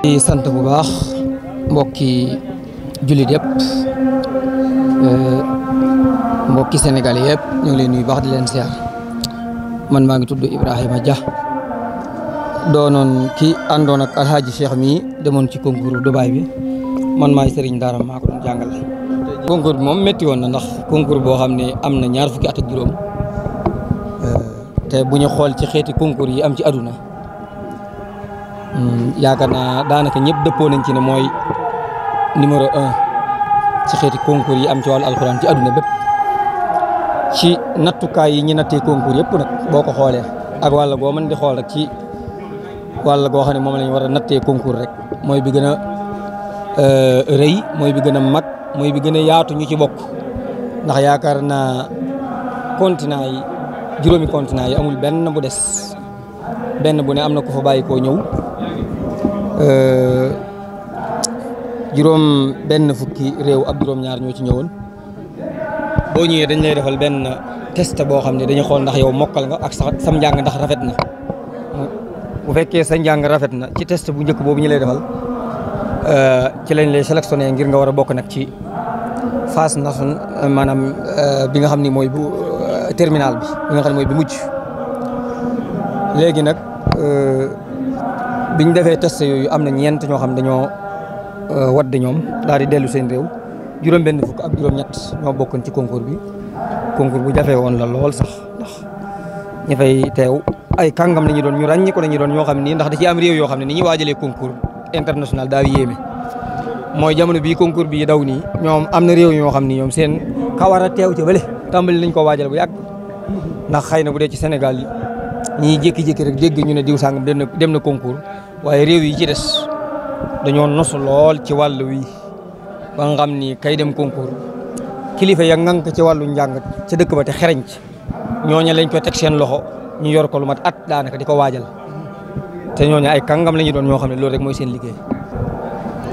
di sant bu baax mbokki jullit yëpp euh, mbokki Sénégal yëpp ñu ngi leen nuyu baax di leen seer man maa ngi tudd Ibrahima Dia doonoon ki àndoon ak Alhaji Cheikh mi demoon ci concours Dubaï bi man maay Serigne Daara maa ko doon jàngal concours bi moom métti woon na ndax concours boo xam ne am na ñaar fukki at ak juróom euh, te bu ñu xool ci xeeti concours yi am ci aduna Mm, yaakaar naa daanaka ñëpp dëppoo nañ ci ne mooy numéro un ci xeeti concours yi am ci wàllu alxuraan ci àdduna bépp ci nattukaay yi ñu nattee concours yëpp nag boo ko xoolee ak wàll goo mën di xool rek ci walla goo xam ne moom lañu ñu war nattee concours rek mooy bi gën a euh, rëy mooy bi gën a mag mooy bi gën a yaatu ci bokk ndax yaakaar naa continent yi juróomi continent yi amul benn bu des benn bu ne am na ko fa bàyyi koo ñëw Euh, juróom benn fukki réew ak juróom-ñaar ñoo ci ñëwoon boo ñëwee dañ lay defal benn test boo xam ne dañu xool ndax yow mokkal nga ak sax sam njàng ndax rafet na bu fekkee sa njàng rafet na ci test bu njëkk boobu ñu lay defal euh, ci lañ lay sélectionné ngir nga war a bokk nag ci phase nation maanaam euh, bi nga xam ni mooy bu terminal bi bi nga xam ne mooy bi mujj léegi nag bi ñu defee test yooyu am na ñeent ñoo xam dañoo euh, wadd ñoom daal dellu seen réew juróom-benn fukk ak juróom-ñett ñoo bokkoon ci concours bi concours bu jafe woon la lool sax ñu ñi fay teew ay kàngam la ñu doon ñu ràññi ko la ñu doon ñoo xam ni ndax da ci am réew yoo xam ne ni ñuy waajalee concours international daal yéeme mooy jamono bii concours bi daw nii ñoom am na réew yoo xam ni ñoom seen kawar a teew ci bële tàmbali nañ ko waajal bu yàgg ndax xëy na bu dee ci senegal ñiy jékki-jékki rek dégg ñu ne diw sàngam dem na concours waaye réew yi ci des dañoo nosu lool ci wàll wi ba xam ni kay dem concours kilifa ya ngank ci wàllu njàng ci dëkk ba te xereñ ci ñooña lañ ko teg seen loxo ñu yor ko lu mat at daanaka di ko waajal te ñooña ay kàngam la ñu doon ñoo xam ne loolu rek mooy seen liggéey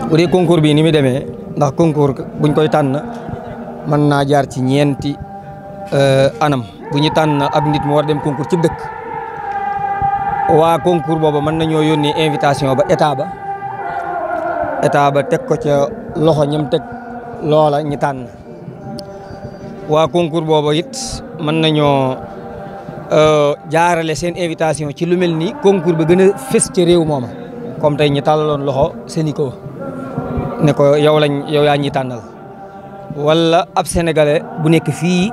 bu dee concours bii ni mu demee ndax concours buñ koy tànn mën naa jaar ci ñeenti euh, anam bu ñu tànn ab nit mu war dem concours ci dëkk waa concours booba mën nañoo yónnee invitation ba état ba état ba teg ko ca loxo ñam teg loola ñi tànn waa concours booba it mën nañoo euh, jaarale seen invitation ci lu mel ni concours ba gën a fës ca réew mooma comme tey ñi tàllaloon loxo Sénico ne ko yow lañ yow yaa ñi tànnal wala ab sénégalais bu nekk fii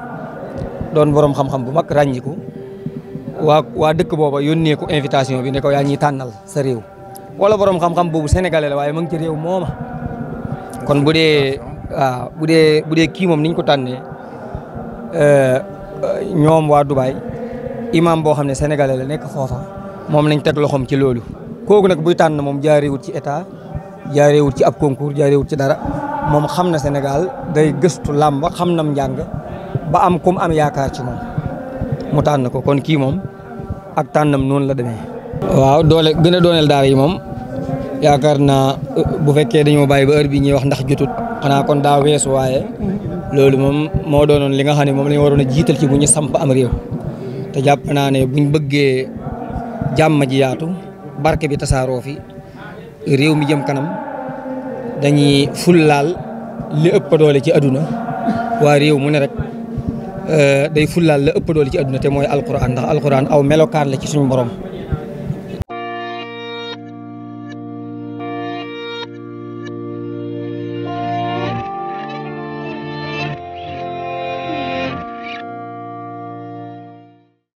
doon boroom xam-xam bu mag ràññiku waa waa dëkk booba yónnee ko invitation bi ne ko yaa ñuy tànnal sa réew wala boroom xam-xam boobu sénégalais la waaye ma ngi ci réew mooma kon bu dee waaw bu dee bu dee kii moom niñ ko tànnee euh, ñoom waa Dubaay imam boo xam ne sénégalais la nekk foofa moom lañ teg loxoom ci loolu kooku nag buy tànn moom jaareewut ci jaare jaareewut ci ab concours jaareewut ci dara moom xam na senegal day gëstu làmb xam na njàng ba am kum am yaakaar ci moom mu tànn ko kon kii ak tànnam noonu la demee. waaw doole gën a dooleel daara yi moom yaakaar na euh, bu fekkee dañoo bàyyi ba heure bi ñuy wax ndax jutut xanaa kon daa weesu waaye loolu moom moo doonoon li nga xam ne moom la ñu waroon a jiital ci bu ñu samp am réew te jàpp naa ne buñ bëggee jàmm ji yaatu barke bi tasaaroo fi réew mi jëm kanam dañuy fullaal li ëpp doole ci àdduna waa réew mu ne rek. Euh, day fullaal la ëpp doole ci àdduna te mooy alquran ndax alquran aw melokaan la ci suñu borom